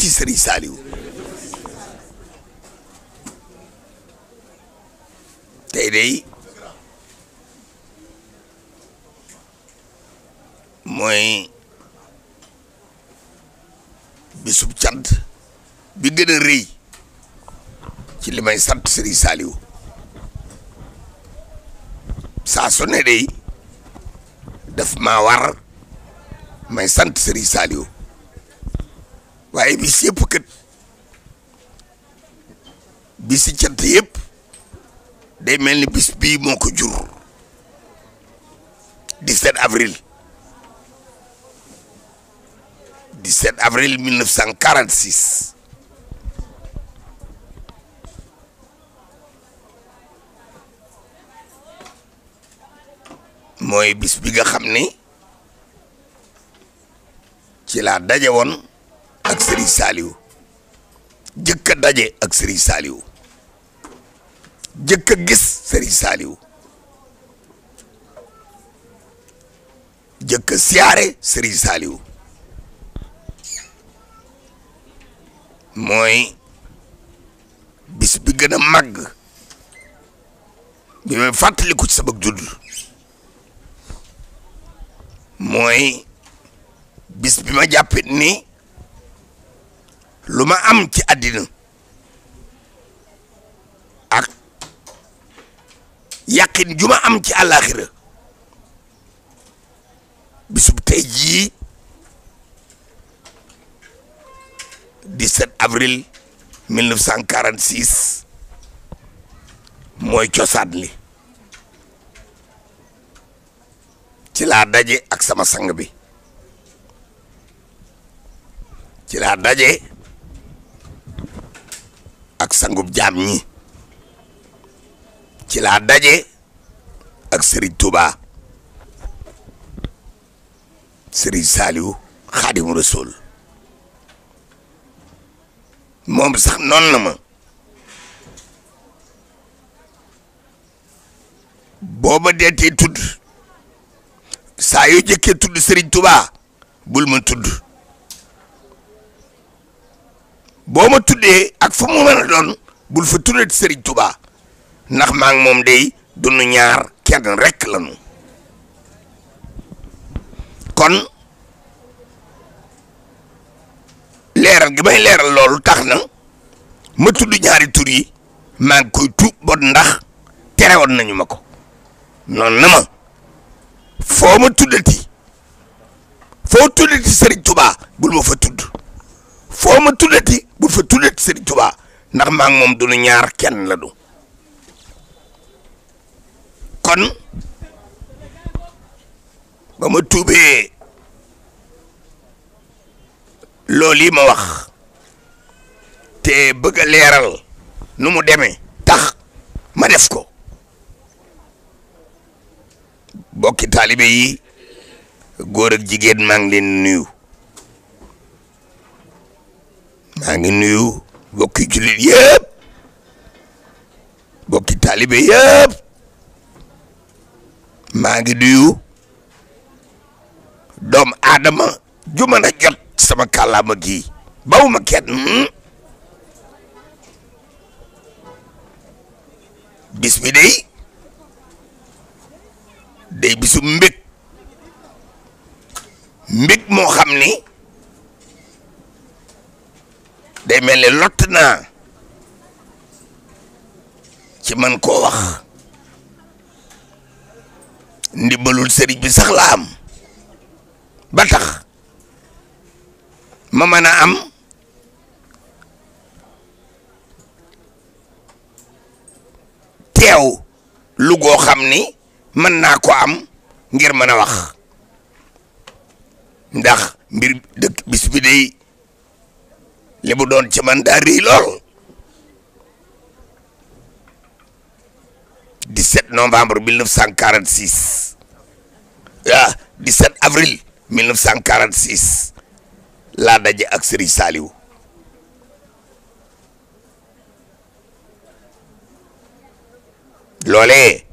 ci sëriñ Saaliw tey day mooy bisub cant bi gën a rëy ci li may sant sëriñ Saaliw saa su day daf maa war may sant sëriñ Saaliw bi sepp yëpp bi bisi cant yep day melni bis bi moko jur 17 avril 17 avril 1946 moy bis bi nga xamni ci la dajewone ak Serigne Saliou jëkk a daje ak Serigne Saliou jëkk gis Serigne Saliou jëkk a siyaare Serigne Saliou mooy bis bi gën a màgg bi may fàttaliku ci sama judd mooy bis bi ma ni lu ma am ci àddina ak yàqin juma am ci àllaaxira bisub tey jii 17 avril 1946 mooy cosaan li ci laa daje ak sama sang bi ci laa daje sangu jaam ñi ci laa daje ak Serigne Touba Serigne Saliou Khadimu Rasul moom sax noonu na ma booba deetee tudd saa yu jëkkee tudd Serigne Touba bul ma tudd boo ma tuddee ak fu mu mën doon bul fa tuddee Serigne Touba ndax maa ngi moom day dunu ñaar kenn rek lañu kon leeral gi may leeral loolu tax na ma tudd ñaari tur yi maa ngi koy tuub bon ndax terewoon nañu ma ko noonu na ma foo ma tuddati foo tuddati Serigne tubaa bul ma fa tudd. foo ma tuddati bu fa tuddati Serigne Touba ndax maa moom du ñaar kenn la du kon ba ma tuubee loolu yi ma wax te bëgg a leeral nu mu demee tax ma def ko bokki taalibe yi góor ak jigéen maa ngi leen nuyu maa ngi nuyu bokki jullit yëpp bokki taalibe yëpp maa ngi nuyu doomu aadama ju mën jot sama kàllaama gi bawuma kenn bis bi day day bisu mbég mbég moo xam ni day mel ni lott naa ci man koo wax ndimbalul sëriñ bi sax la am ba ma mën a am teew lu goo ni mën naa ko am ngir mën a wax ndax mbir dëkk bis bi li bu doon ci man daa rëy lool 17 novembre 1946 ah 17 avril laa daje ak Serigne Saliou loolee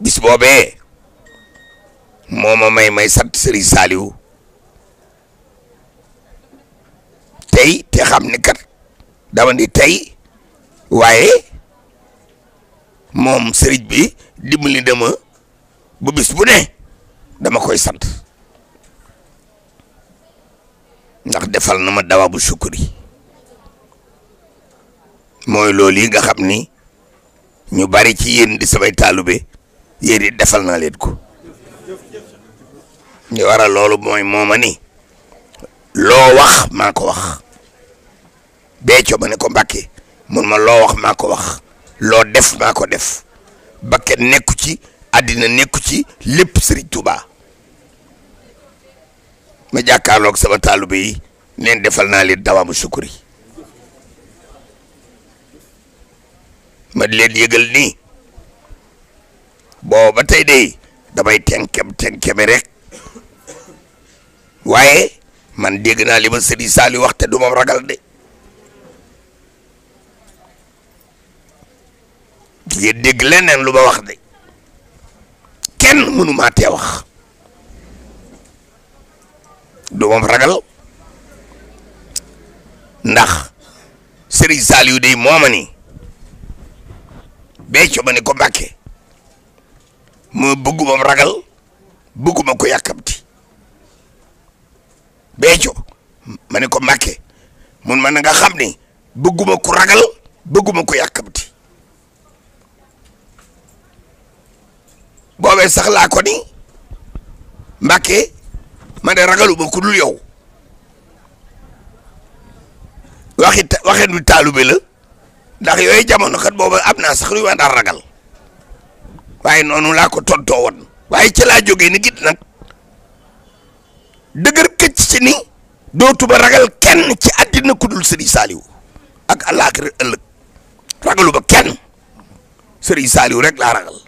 bis boobee moo ma may may sant Serigne Saliou. tey te xam ni kat dama di tey waaye moom sëriñ bi dimbali dama bu bis bu ne dama koy sant ndax defal na ma dawa bu sukkuri mooy loolu yi nga xam ni ñu bari ci yéen di samay taalube yéen yi defal na leen ko ñu waral loolu mooy mooma ni loo wax maa ko wax Béthio ma ne ko Mbàkke mun ma loo wax maa ko wax loo def maa ko def bakke nekku ci àddina nekku ci lépp Sëriñ Tuubaa ma jàkkaarloog sama taalibe yi neen defal naa leen dawaamu sukuri ma leen yëgal nii booba tey de damay tenkem tenkeme rek waaye man dégg naa li ma sëriñ Saali wax te du ma ragal de di nga dégg leneen lu ma wax de kenn mënu wax du moom ragal ndax sëriñ Saaliyu dey mooma ni becco ma ni ko Mbàkke ma bëgguma ragal bëgguma ko yàkkamti Béthio ma ko Mbacké mun ma na nga xam ni bëgguma ku ragal bëgguma ko yàkkamti boobee sax laa ko ni Mbacké ma ne ragaluma ku dul yow waxi waxen wi taalube la ndax yooyu jamono kat booba am naa sax luy waa daal ragal waaye noonu laa ko tontoo woon waaye ci laa jógee ni git nag dëgër si ni dootuma ragal kenn ci àddina ku dul Serigne saaliw ak àllaaxira ëllëg ragalu ba kenn Serigne Saliou rek laa ragal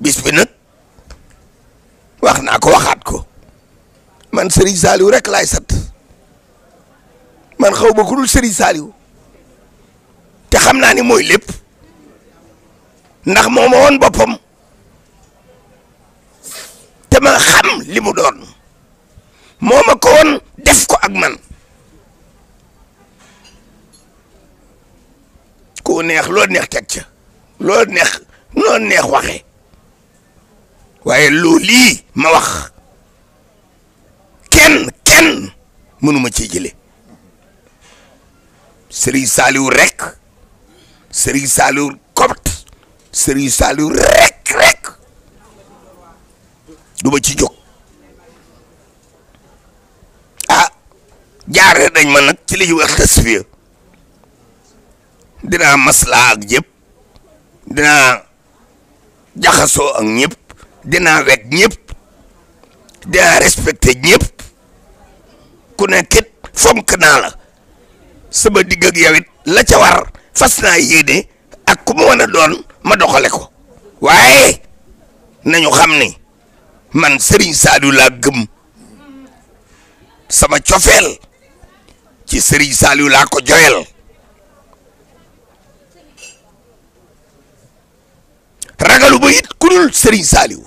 bis wax naa ko waxaat ko man Serigne Saliou rek laay sat man xaw ma ku dul Serigne te xam naa ni mooy lépp ndax moo ma woon boppam. dama xam li mu doon moo ma ko def ko ak man ku neex loo neex teg ca loo neex loo neex waxe waaye loo ma wax kenn kenn mënuma ci jële Serigne Saliou rek Serigne Saliou Copt Serigne Saliou rek du ci jóg ah jaaree dañ ma nag ci li ñu wax tasfiya dinaa maslaa ak ñëpp dinaa jaxasoo ak ñëpp dinaa weg ñëpp dinaa respecté ñëpp ku nekkit fonk naa la sama digg ak yow la ca war fas naa yéene ak ku mu doon ma doxale ko waaye nañu xam ni man Serigne Saliou laa gëm sama cofeel ci Serigne Saliou laa ko joyal ragalu ba it ku dul Serigne Saliou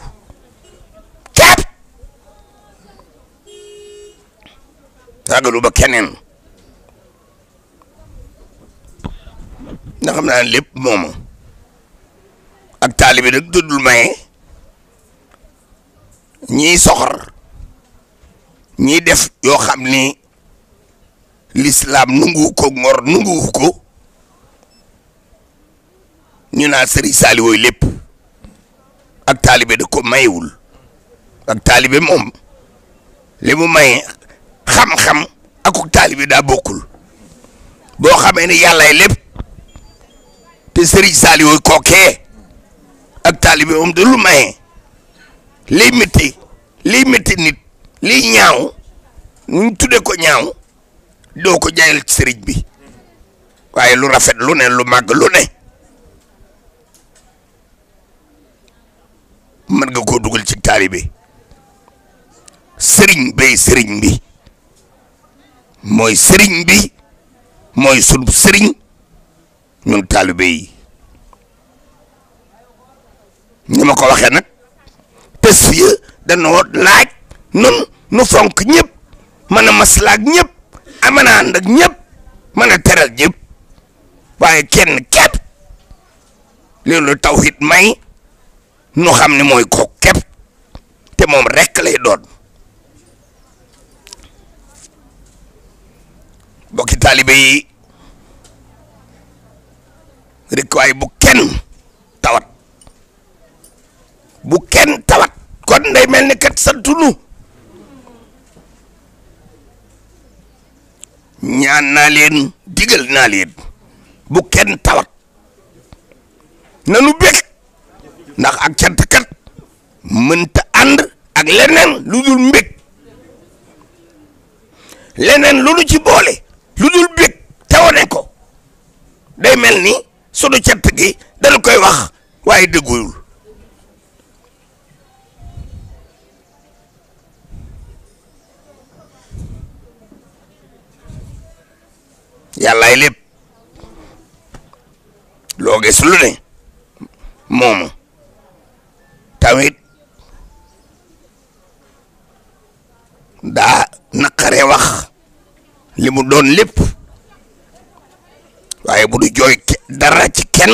ragalu ba keneen ndax xam naa lépp mooma ak taalibi nag dudul maye ñiy soxor ñiy def yoo xam ni lislaam nungu ko ngor nungu ko ñu naa sëriñ saali wooyu lépp ak taalibe da ko mayewul ak taalibe moom li mu maye xam-xam akuk taalibe daa bokkul boo xamee ni yàllaay lépp te sëriñ saali ko kookee ak taalibe moom da lu maye liy métti liy métti nit liy ñaaw ñu tuddee ko ñaaw doo ko jaayal sëriñ bi waaye lu rafet lu ne lu màgg lu ne mën nga koo dugal ci taalibe sëriñ bay sëriñ bi mooy sëriñ bi mooy sunu sëriñ ñun taalibe yi ma ko waxee nag. te suya danoo laaj nun nu fonk ñëpp mën a maslaak ñépp mën a ànd ak teral ñëpp waaye kenn képp loolu tawhid may nu xam ne mooy ko képp te moom rekk lay doon bokki taalibe yi rek bu kenn tawat bu kenn kat santunu ñaan naa leen digal naa leen bu kenn tawat nanu bég ndax ak cant kat mënta ànd ak leneen lu dul mbég leneen lu nu ci boole lu dul bég tawane ko day mel ni sunu cant gi dal koy wax waaye dëggul yàllaay lépp loo gis lu ne moomu tamit daa naqaree wax li mu doon lépp waaye bu du jooy dara ci kenn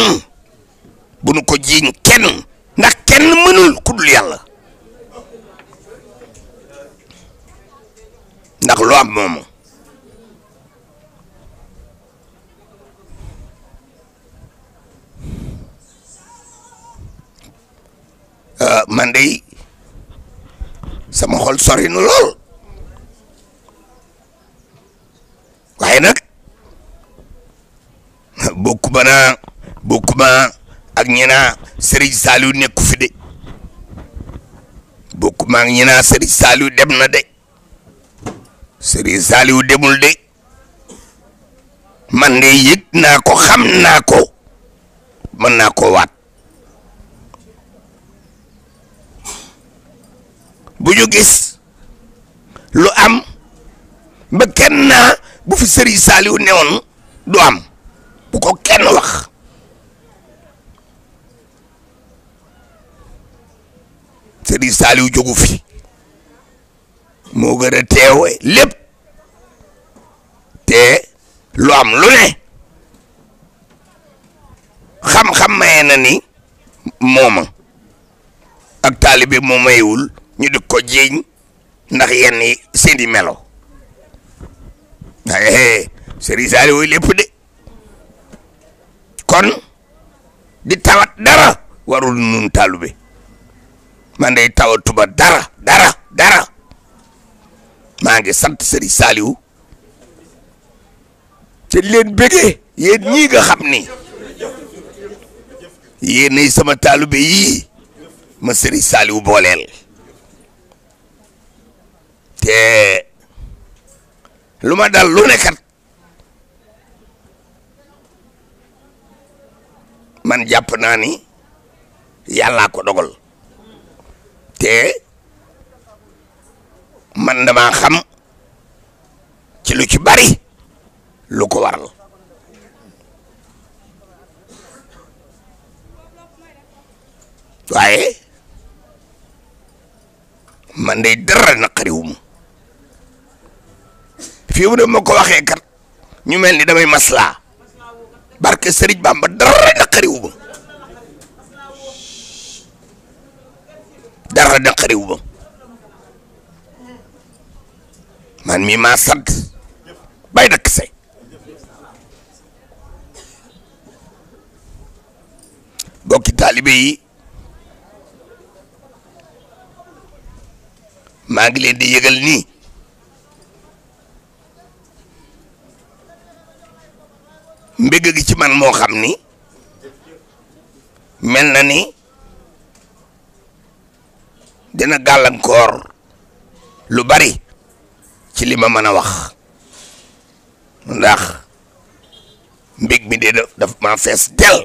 bu nu ko jiiñ kenn ndax kenn mënul ku dul yàlla ndax lu am moomu Euh, man dey sama xol sori nu lool waaye nag bokkuma naa bokkuma ak ñenaa Serigne Saliou nekku fi de bokkuma ak ñenaa Serigne Saliou dem na de Serigne Saliou demul de man de yëg naa ko xam naa ko mën naa ko waat. bu ñu lu am ba kenn naa bu fi sëriñ Saaliw newoon du am bu ko kenn wax sëri Saaliw jógu fi moo gën a teewe lépp te lu am lu ne xam-xam maye na ni mooma ak taalibe moo mayewul ñu di ko jiiñ ndax yenn yi seeni melo Serigne Saliou lépp de kon di tawat dara warul nun talube man day tawatuma dara dara dara maa ngi sant Serigne Saliou te leen bëggee yéen ñii nga xam ni yéenay sama talube yii ma Serigne Saliou booleel te lu ma dal lu nekkat man jàpp naa ni yàllaa ko dogal te man damaa xam ci lu ci bari lu ko waral waaye man day dara naqariwum fii mu ne ko waxee kat ñu mel ni damay maslaa barke Serigne Bamba dara naqariwu ma dara naqariwu ma man mii maa sant bay dakk say bokki taalibe yi maa ngi leen di yëgal nii moo xam ni mel na ni dina gàllankoor lu bari ci li ma mën a wax ndax mbég mi de daf ma fees del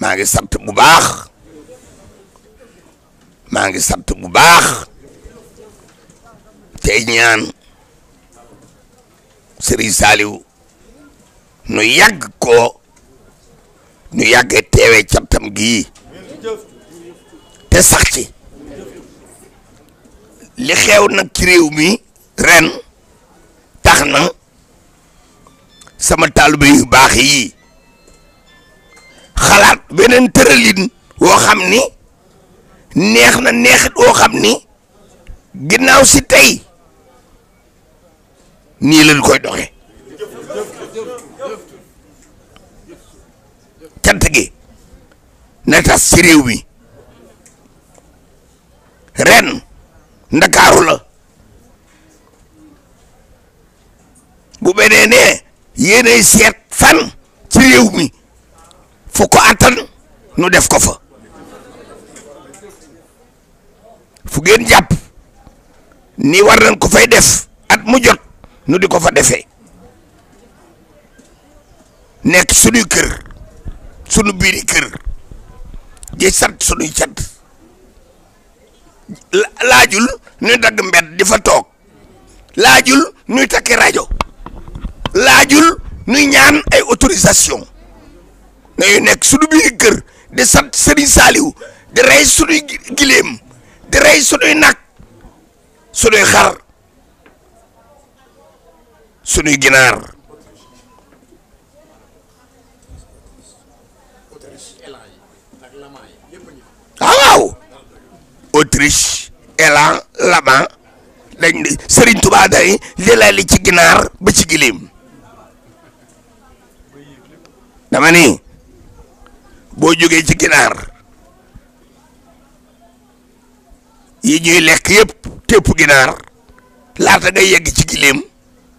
maa ngi sant bu baax maa ngi sant bu baax te ñaan Serigne Saliou nu yàgg ko nu yàggee teewee cantam gii te sax ci li xew nag ci réew mi ren tax na sama taalibe yu baax yi xalaat beneen tëralin woo xam ni neex na neexit woo xam ni ginnaaw si tey nii lañ koy doxee cant gi na tas ci réew mi ren ndakaaru la bu benee nee yéenay seet fan ci réew mi fu ko attan nu def ko fa fu ngeen jàpp ni war nañ ko fay def at mu jot nu di ko fa defee nekk sunuy kër sunu biiri kër di sant sunuy cat laajul nuy dagg mbedd di fa toog laajul nuy takki rajo laajul nuy ñaan ay autorisation nañu nekk sunu biiri kër di sant Serigne Saliou di rey sunuy gileem di rey sunuy nag sunuy xar sunuy ginaar waaw Autriche Elan Lama dañ Serigne Touba day lila li ci ginaar ba ci gileem dama ni boo jógee ci ginaar yi ñuy lekk yëpp tépp ginaar laata nga yegg ci gileem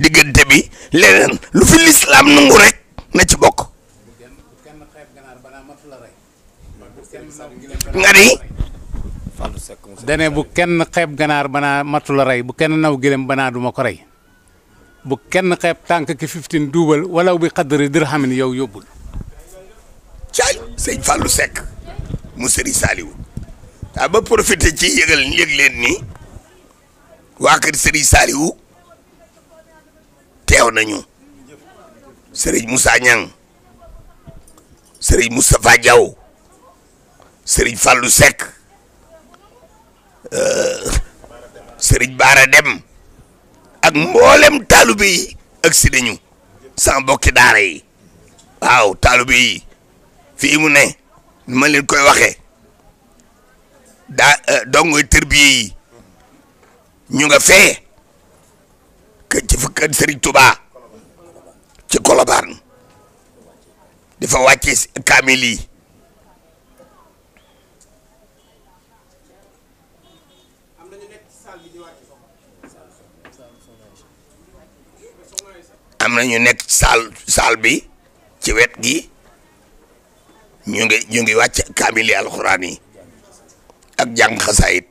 diggante bi leneen lu fi lislaam nangu rek na ci bokk nga ni dane bu kenn xeeb ganaar banaa matu la bu kenn naw gëlëm banaa duma ko rey bu kenn xeeb tànk ki fiftin duubal walaw bi xaddari dirhamin yow yóbbul caay sëñ Fallou Seck mu sëriñ Saliou daa ba profité ci yëgal yëg leen ni waa kër teew nañu sëriñ Moussa Niang sëriñ Moustapha Diaw sëriñ Fallou sek euh, sëriñ Baara Dem ak mboolem taalube ak si nañu sans bokki daara yi waaw taalube yi mu ne ni ma leen koy waxee daa euh, dongoy tërbiye ñu nga fee kër ci fa kër Serigne Touba ci Colobane dafa wàcce kaamil yi am na ñu nekk saal saal bi ci wet gi ñu ngi ñu ngi wàcc kaamil yi alxuraan yi ak jàng xasaayit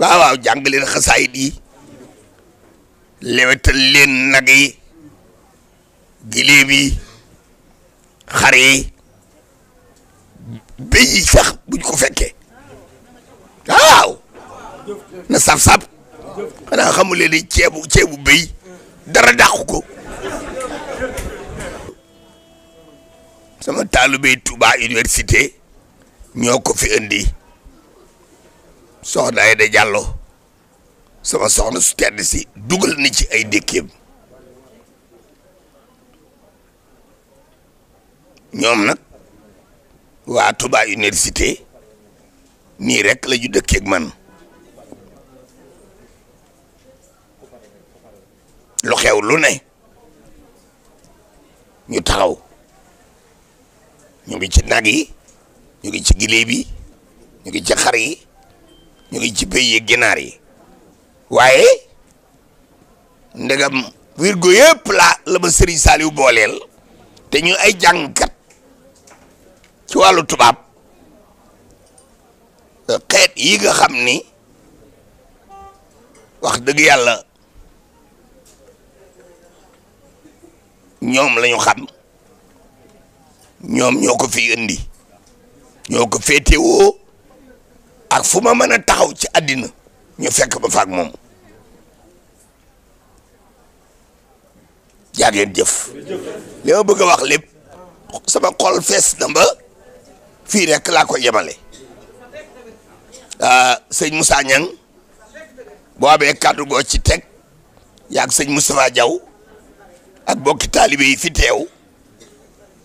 waaw waaw jàng leen xasaayit yi lewetal leen nag yi giléem yi xar yi béy yi sax buñ ko fekkee waaw na sab-sab xanaa xamulee ni ceebu ceebu béy dara dàqu ko sama taalubéy Touba université ñoo ko fi indi soxnaay da jàllo sama soxna su tedd si dugal na ci ay dékkeem ñoom nag waa Touba université nii rek la ñu dëkkeeg man lu xew lu ne ñu taxaw ñu ngi ci nag yi ñu ngi ci giléeb yi ñu ngi ci xar yi ñu ngi ci béy ginaar yi waaye ndegam wirgo yëpp la la ma Serigne Saliou booleel te ñu ay jàngkat ci wàllu tubaab xeet yi nga xam ni wax dëgg yàlla ñoom lañu xam ñoom ñoo ko fi indi ñoo ko féetewoo ak fu ma mën a taxaw ci àddina ñu fekk ba faak moom jaa ngeen jëf li ma bëgg a wax lépp sama xol fees na fii rek laa ko yemale ah, sëñ Moussa Niang boo amee kàddu goo ci teg yaag sëñ Moustapha jaw ak bokki taalibe yi fi teew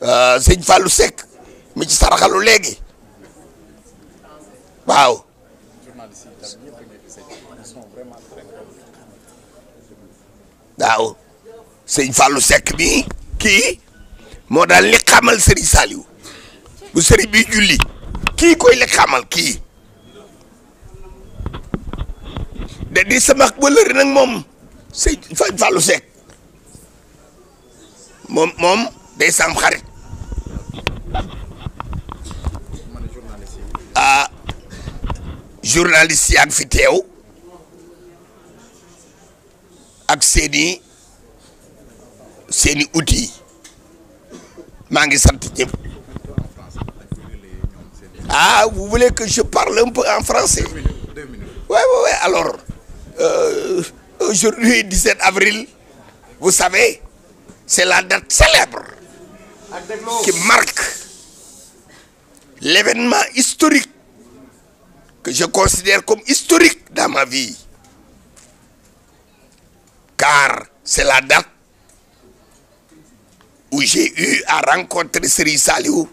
ah, sëñ Fallou sek mi ci saraxalu léegi waaw waaw sëñ Fallou Seck bi kii moo daal li xamal Serigne Saliou bu Serigne bi julli kii koy li xamal kii da di sama wëllëri nag moom sëñ Fallou Seck moom moom day sam xarit ah journaliste yaa ngi fi teew ak seeni C'est une outil. ah vous voulez que je parle un peu en français Oui, ouais ouais alors euh, aujourd'hui 17 avril vous savez c'est la date célèbre qui marque l'événement historique que je considère comme historique dans ma vie car c'est la date où j'ai eu à rencontrer Seri Saliou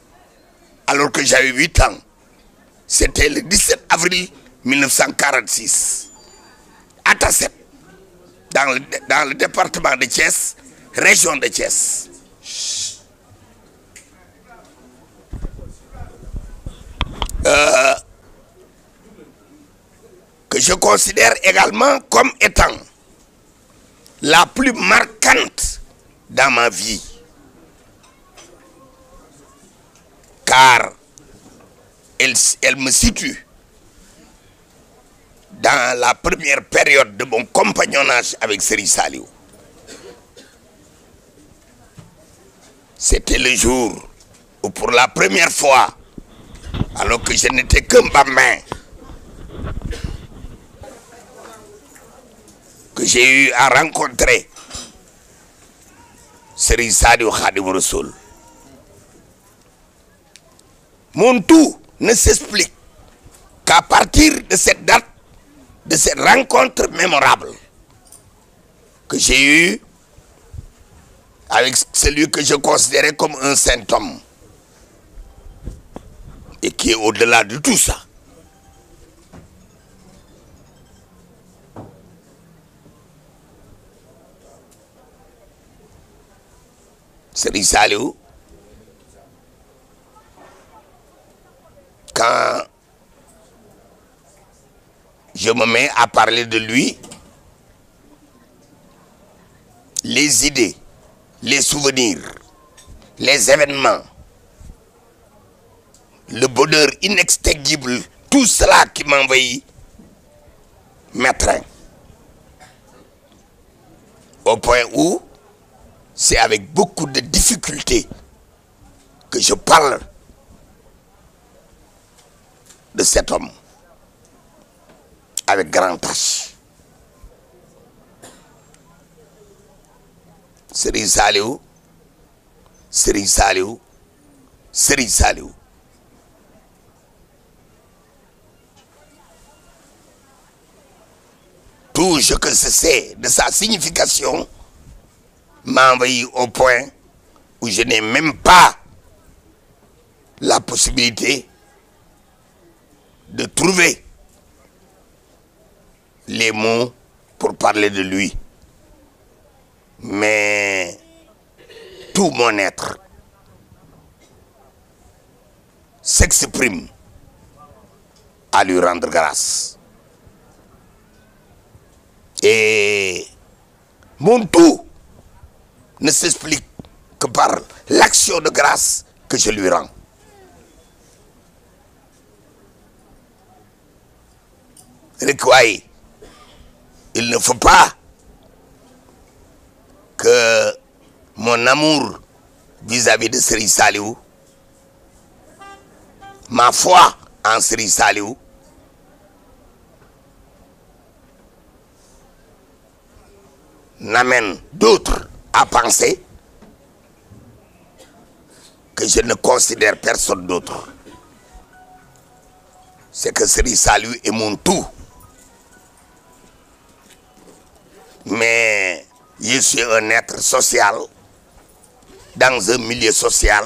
alors que j'avais 8 ans. C'était le 17 avril 1946. À Tasset, dans le, département de Thiès, région de Thiès. Euh, que je considère également comme étant la plus marquante dans ma vie. car elle, me situe dans la première période de mon compagnonnage avec Seri Saliou. C'était le jour où pour la première fois, alors que je n'étais qu'un bambin, que j'ai eu à rencontrer Seri Saliou Khadim mon tout ne s'explique qu'à partir de cette date, de cette rencontre mémorable que j'ai eue avec celui que je considérais comme un saint homme et qui est au-delà de tout ça. C'est où je me mets à parler de lui, les idées, les souvenirs, les événements, le bonheur inextinguible, tout cela qui m'envahit m'étreint. Au point où c'est avec beaucoup de difficultés que je parle de cet homme avec grand tâche. Serigne Saliou Seri Saliou Serigne Saliou tout ce que c'est de sa signification m'a envahi au point où je n'ai même pas la possibilité de trouver les mots pour parler de lui. Mais tout mon être s'exprime à lui rendre grâce. Et mon tout ne s'explique que par l'action de grâce que je lui rends. Il ne faut pas que mon amour vis-à-vis de Sri Saliou, ma foi en Sri Saliou, n'amène d'autres à penser que je ne considère personne d'autre. C'est que Sri Saliou est mon tout. Mais je suis un être social dans un milieu social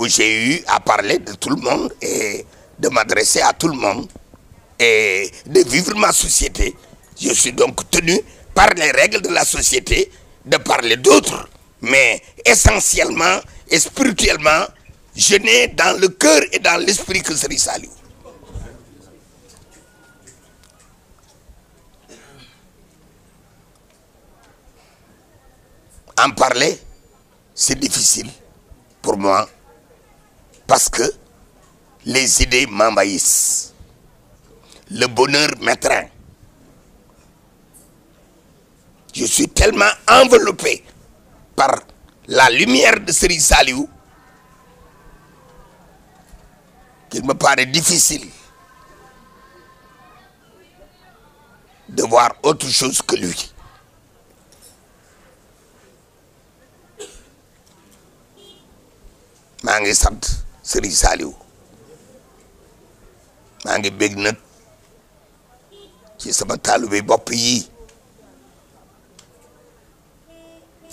où j'ai eu à parler de tout le monde et de m'adresser à tout le monde et de vivre ma société. Je suis donc tenu par les règles de la société de parler d'autres. Mais essentiellement et spirituellement, je n'ai dans le cœur et dans l'esprit que Sri Saliou. en parler, c'est difficile pour moi parce que les idées m'envahissent. Le bonheur m'étreint. Je suis tellement enveloppé par la lumière de Sri Saliou qu'il me paraît difficile de voir autre chose que lui. maa ngi sant Serigne Saliou maa ngi bég nag ci sama taalibe bopp yii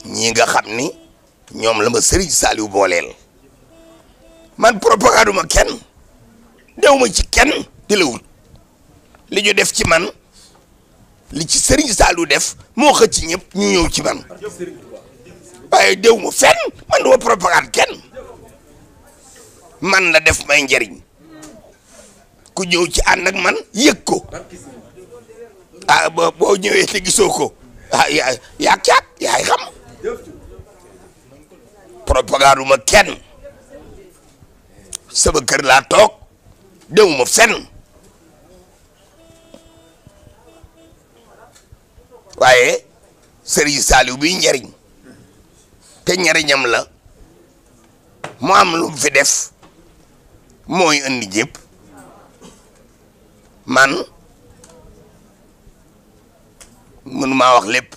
ñii nga xam ni ñoom la ma Serigne Saliou booleel man propagande ma kenn dew ma ci kenn di la wut li ñu def ci man li ci Serigne Saliou def moo xëcc ñëpp ñu ñëw ci man waaye dew ma fenn man du ma propagande kenn. man la def may njariñ ku ñëw ci ànd man yëg ko ah boo ñëwee te gisoo ko ah yaa yaay xam propagande ma kenn sama kër laa toog demuma fenn waaye Serigne Saliou bi njariñ te njariñam la mu am lu mu fi def Moi, je jépp man pas wax lepp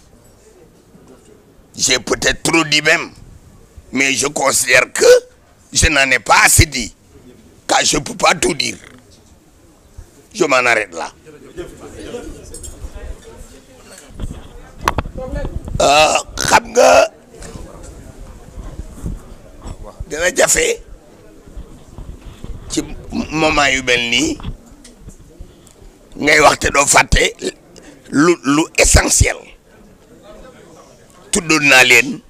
j'ai peut-être trop dit même mais je considère que je n'en ai pas assez dit car je ne peux pas tout dire je m'en arrête là euh, xam nga dina fait. Mama yu mel ni ngay wax te do faté lu lu essentiel tuddoon na len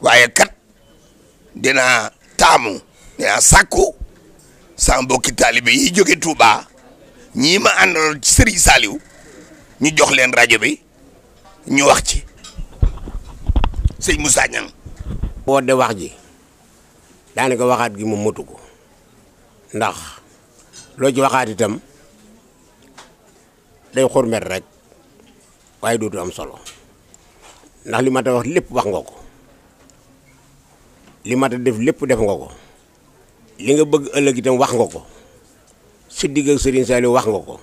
waye kat dina tamu saku, sakku sa mbokki taalibe yi jóge Touba ñi ma andal ci Serigne saliw ñu jox len radio bi ñu wax ci serigne Moussa ñang bo de wax ji waxat gi mo ndax lo ci waxati tam day xurmet rek waaye dudu am solo ndax li ma ta wax lepp wax ngoko li ma ta def lepp def ngoko li nga bëgg ëlëk itam wax ngoko sidig ak Serigne Saliou wax ngoko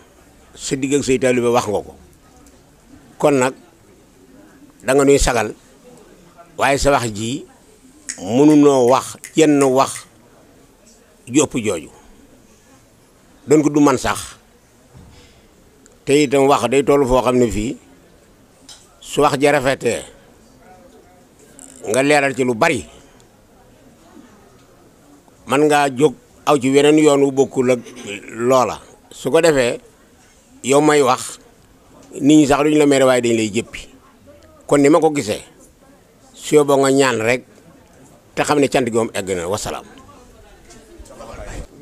sidig ak lu wax ngoko kon nak da nga nuy sagal waye sa wax ji mënu no wax yenn wax jop joju doon ko du man sax te itam wax day toll foo xam ne fii su wax ja rafetee nga leeral ci lu bari man ngaa jóg aw ci weneen yoon wu bokkul ak loola su ko defee yow may wax nit ñi sax duñu la mere waaye dañ lay jëppi kon ni ma ko gisee su yóbboo nga ñaan rek te xam ne cant gi moom egg na wasalaam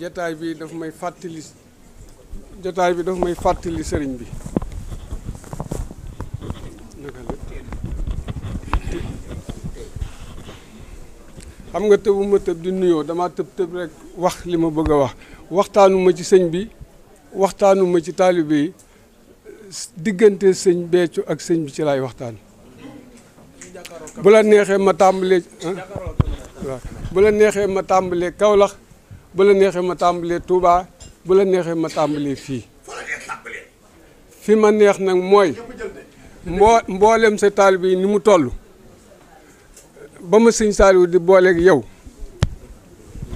jataay bi daf may fàttali jataay bi daf may fàttali sëriñ bi xam nga tëbuma tëb di nuyoo damaa tëb tëb rek wax li ma bëgg a wax waxtaanuma ci sëñ bi waxtaanuma ci taalibe yi diggante sëñ Béthio ak sëñ bi ci laay waxtaan bu la neexee ma tàmbalee waaw ah? bu la neexee ma tàmbalee Kaolack bu la neexee ma tàmbalee Touba bu la neexee ma tàmbalee fii fi ma neex nag mooy mboo mboolem sa taalibe yi ni mu toll ba ma sëñ Saliou di booleek yow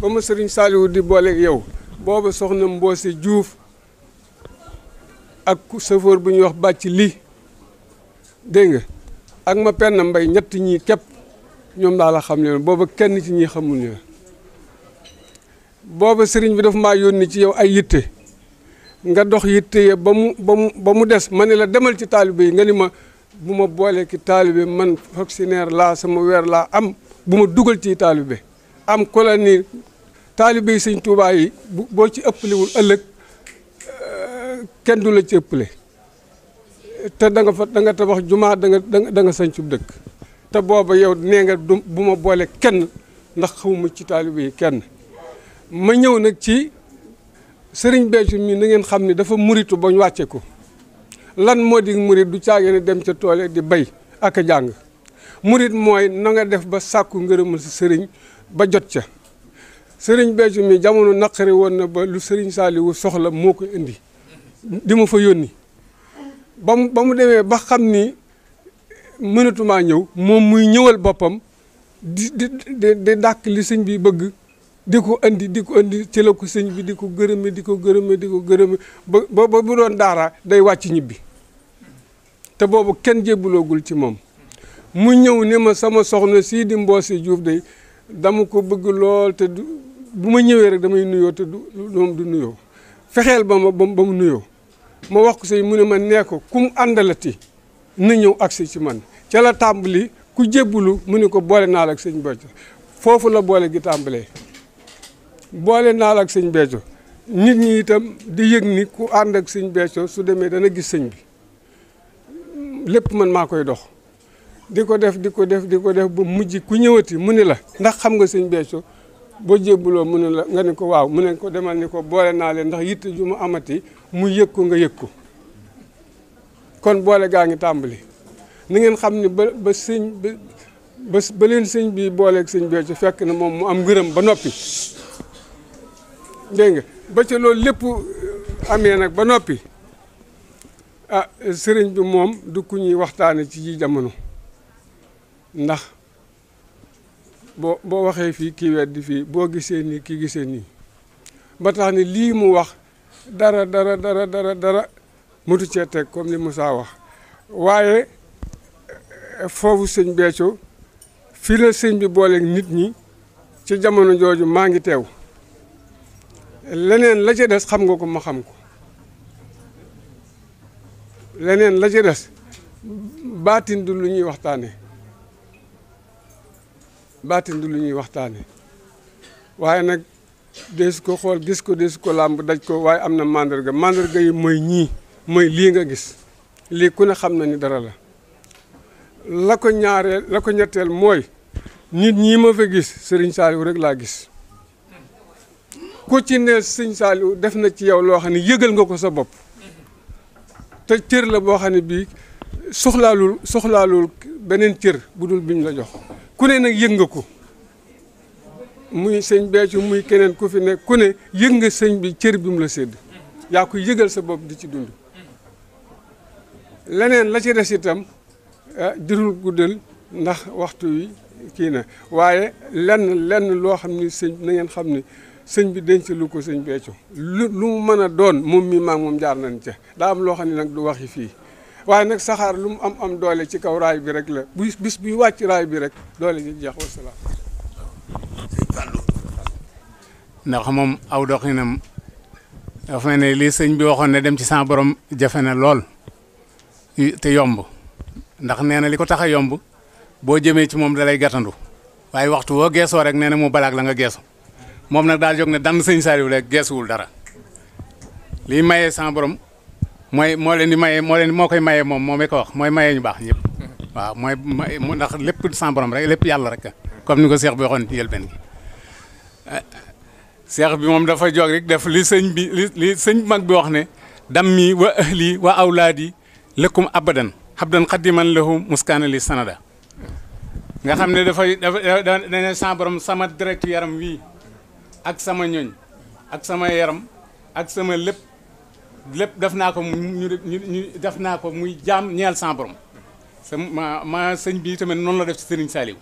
ba ma sëriñ Saliou di booleeg yow booba soxna mboo si Juuf ak chauffeur bu ñuy wax bàcc lii dégg nga ak ma penn mbay ñett ñii képp ñoom daal la xam ne booba kenn ci ñi xamul ne booba sëriñ bi dafa maa yónni ci yow ay yitte nga dox yitte ya ba mu ba mu ba mu des ma ne la demal ci taalibe yi nga ni ma bu ma boolee ki taalibe man fonctionnaire laa sama weer laa am bu ma dugal ci taalibe am ku la ni taalibe yi sëñ Tuubaa yi boo ci ëppalewul ëllëg eh, kenn du la ci ëppale te da fa danga nga tabax jumaa da nga da sañ cub dëkk te booba yow nee nga bu ma boole kenn ndax xawma ci taalibe yi kenn ma ñëw nag ci sëriñ Béthio mi na ngeen xam ni dafa muritu bañ wàcce ko lan moo di murit du caage ne dem ca toole di bay ak a jàng murit mooy na nga def ba sàkku ngërëmal si sëriñ ba jot ca sëriñ Béthio mi jamono naqari woon na ba lu sëriñ Saliou soxla moo ko indi di ma fa yónni ba mu ba demee ba xam ni mënatumaa ñëw moom muy ñëwal boppam di di di dàkk li sëñ bi bëgg di ko andi di ko andi ci la ko sëñ bi di ko gërëme di ko gërëme di ko gërëme ba bu doon daara day wàcc ñibbi te boobu kenn jébbuloogul ci moom mu ñëw ne ma sama soxna sii di Mboose Diouf day dama ko bëgg lool te du bu ma ñëwee rek damay nuyoo te du moom nuyoo fexeel ba ma ba mu nuyoo ma wax ko sëñ mu ne ma nee ko kum àndalati na ñëw agsi ci man ca la tàmbali ku jébbulu mu ne ko boole naa la ak sëñ Bocc foofu la boole gi tàmbalee boole naal ak sëñ Béthio nit ñi itam di yëg ni ku ànd ak sëñ su demee dana gis sëñ bi lépp man maa koy dox di ko def di ko def di ko def ba mujj ku ñëwati mu ni la ndax xam nga sëñ Béthio boo jébbuloo mu ne la nga ni ko waaw mu ne ko demal ni ko boole naa leen ndax yitte ju mu amati mu yëg ko nga yëg ko kon boole gaa ngi tàmbali na ngeen xam ni ba ba sëñ ba ba leen sëñ bi booleeg sëñ Béthio fekk na moom mu am ngërëm ba noppi dégg nga ba ci loolu lépp amee nag ba noppi a ah, sëriñ bi moom du ku ñuy waxtaane ci ji jamono ndax boo boo waxee fii kii weddi fii boo gisee nii kii gisee nii ba tax ni lii mu wax dara dara dara dara mutu cee teg comme ni Moussa wax waaye eh, foofu sëñ Béthio fii la sëñ bi booleek nit ñi ci jamono jooju maa ngi teew leneen la ca des xam nga ko ma xam ko leneen la ca des baatin du lu ñuy waxtaane baatin du lu ñuy waxtaane waaye nag dees ko xool gis ko dees ko làmb daj ko waaye am na mandarga mandarga yi mooy ñii mooy lii nga gis lii ku ne xam na ni dara la la ko ñaareel la ko ñetteel mooy nit ñii ma fa gis Serigne Saliou rek laa gis ku ci ne sëñ Saliou def na ci yow loo xam ne yëgal nga ko sa bopp te cër la boo xam ne bii soxlaalul soxlaalul beneen cër bu dul biñ la jox ku ne nag yëg nga ko muy sëñ Béthio muy keneen ku fi ne ku ne yëg nga sëñ bi cër bi mu la sédd yaa ko yëgal sa bopp di ci dund leneen la ci des itam eh, jërul guddal ndax waxtu wi kii na waaye lenn lenn loo xam ne sëñ nangeen xam ni sëñ bi dencalu ko sëñ Béthio lu lu mu mën a doon moom mi maag moom jaar nañ ca daa am loo xam ne nag du waxi fii waaye nag saxaar lu mu am am doole ci kaw raay bi rek la bu bis buy wàcc raay bi rek doole ji jeex wasalaam ndax moom aw doxinam dafa mel ne lii sëñ bi waxoon ne dem ci sa borom jafe na lool te yomb ndax nee na li ko tax a yomb boo jëmee ci moom dalay gàttandu waaye waxtu woo geesoo rek nee na mu balaag la nga geesu mom nak daal jóg ne dann sëñ Saliou rek geesuwul dara li maye sa borom moy mo len di maye mo len mo koy maye mom moo ko wax moy maye ñu bax ñep wa moy ndax lépp sa borom rek lépp yàlla rek comme ni ko cheikh bi waxoon yel ben cheikh bi mom dafa jóg rek def li seigne bi li seigne mag bi wax ne dammi wa ahli wa awladi lakum abadan habdan qadiman lahum muskana li sanada nga xamne dafa dafa dane sa borom sama direct yaram wi ak sama ñoñ ak sama yaram ak sama lépp lépp def naa ko ñu naa ko muy jaam ñeel sama borom sama ma sëñ bii tamit noonu la def ci Serigne Saliou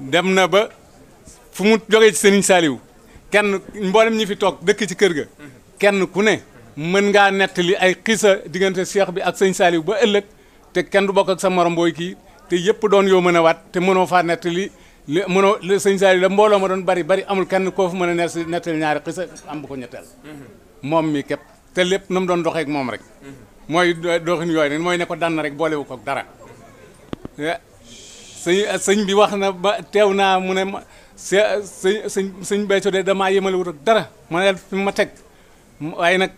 dem na ba fu mu jógee ci Serigne Saliou kenn mboolem ñi fi toog dëkk ci kër ga kenn ku ne mën ngaa nettali ay xisa diggante Cheikh bi ak sëñ Saliou ba ëllëg te kenn du bokk ak sa morom booy kii te yëpp doon yoo mën a waat te mënoo faa nettali li mënoo li sëñ Saliou la mbooloo ma doon bari bari amul kenn koo fu mën a nettal ñaari xisa am bu ko ñetteel moom mii képp te lépp na doon doxeek moom rek mooy doxin yooyu ne mooy ne ko dànn rek boolewu ko dara eh, sëñ sëñ bi wax na ba teew naa mu ne ma sëñ sëñ sëñ Béthio de damaa yemale wut ak dara ma ne fi ma teg waaye nag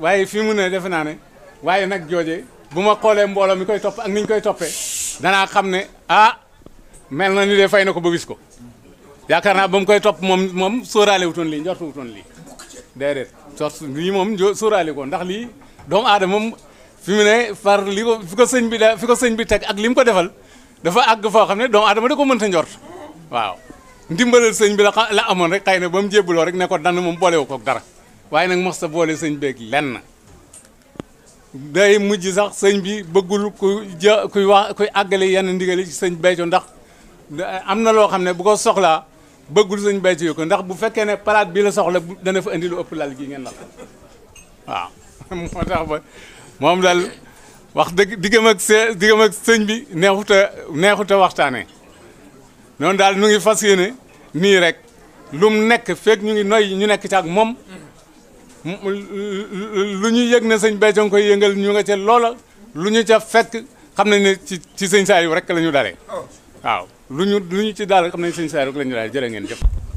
waaye fi mu ne defe naa ne waaye nag jooje bu ma xoolee mbooloo mi koy topp ak ni ñu koy toppee danaa xam ne ah mel na ni de fay na ko ba wis ko yaakaar naa ba mu koy topp moom moom sóoraale wutoon li njortu wutoon lii déedéet sort lii moom sóoraale ko ndax lii doomu aadama moom fi mu ne par li ko fi ko sëñ bi da fi ko sëñ bi teg ak li mu ko defal dafa àgg foo xam ne doomu adama da ko mënta njort waaw ndimbalal sëñ bi la la amoon rek xëy na ba mu jébbaloo rek ne ko dann moom boolewu ko dara waaye nag mos sa boole sëñ beeg lenn day mujj sax sëñ bi bëggul ku ja kuy àggale yenn ndigali ci sëñ Béthio ndax am na loo xam ne bu ko soxlaa bëggul sëñ bay ci ko ndax bu fekkee ne palaat bii la soxla dana fa indi lu ëpp lal gi ngeen lal waaw moo daal wax dëgg diggam ak se sëñ bi neexut a neexut a waxtaanee noonu daal nu ngi fas yéene nii rek lu mu nekk fekk ñu ngi noy ñu nekk ci ak moom lu ñu yëg ne sëñ Béthio nga koy yëngal ñu nga ca loola lu ñu ca fekk xam na ne ci ci sëñ Saliou rek lañu ñu oh. waaw lu ñu lu ñu ci daal xam nañ sëñ Saaliw rek la ñu daal jërë ngeen jëf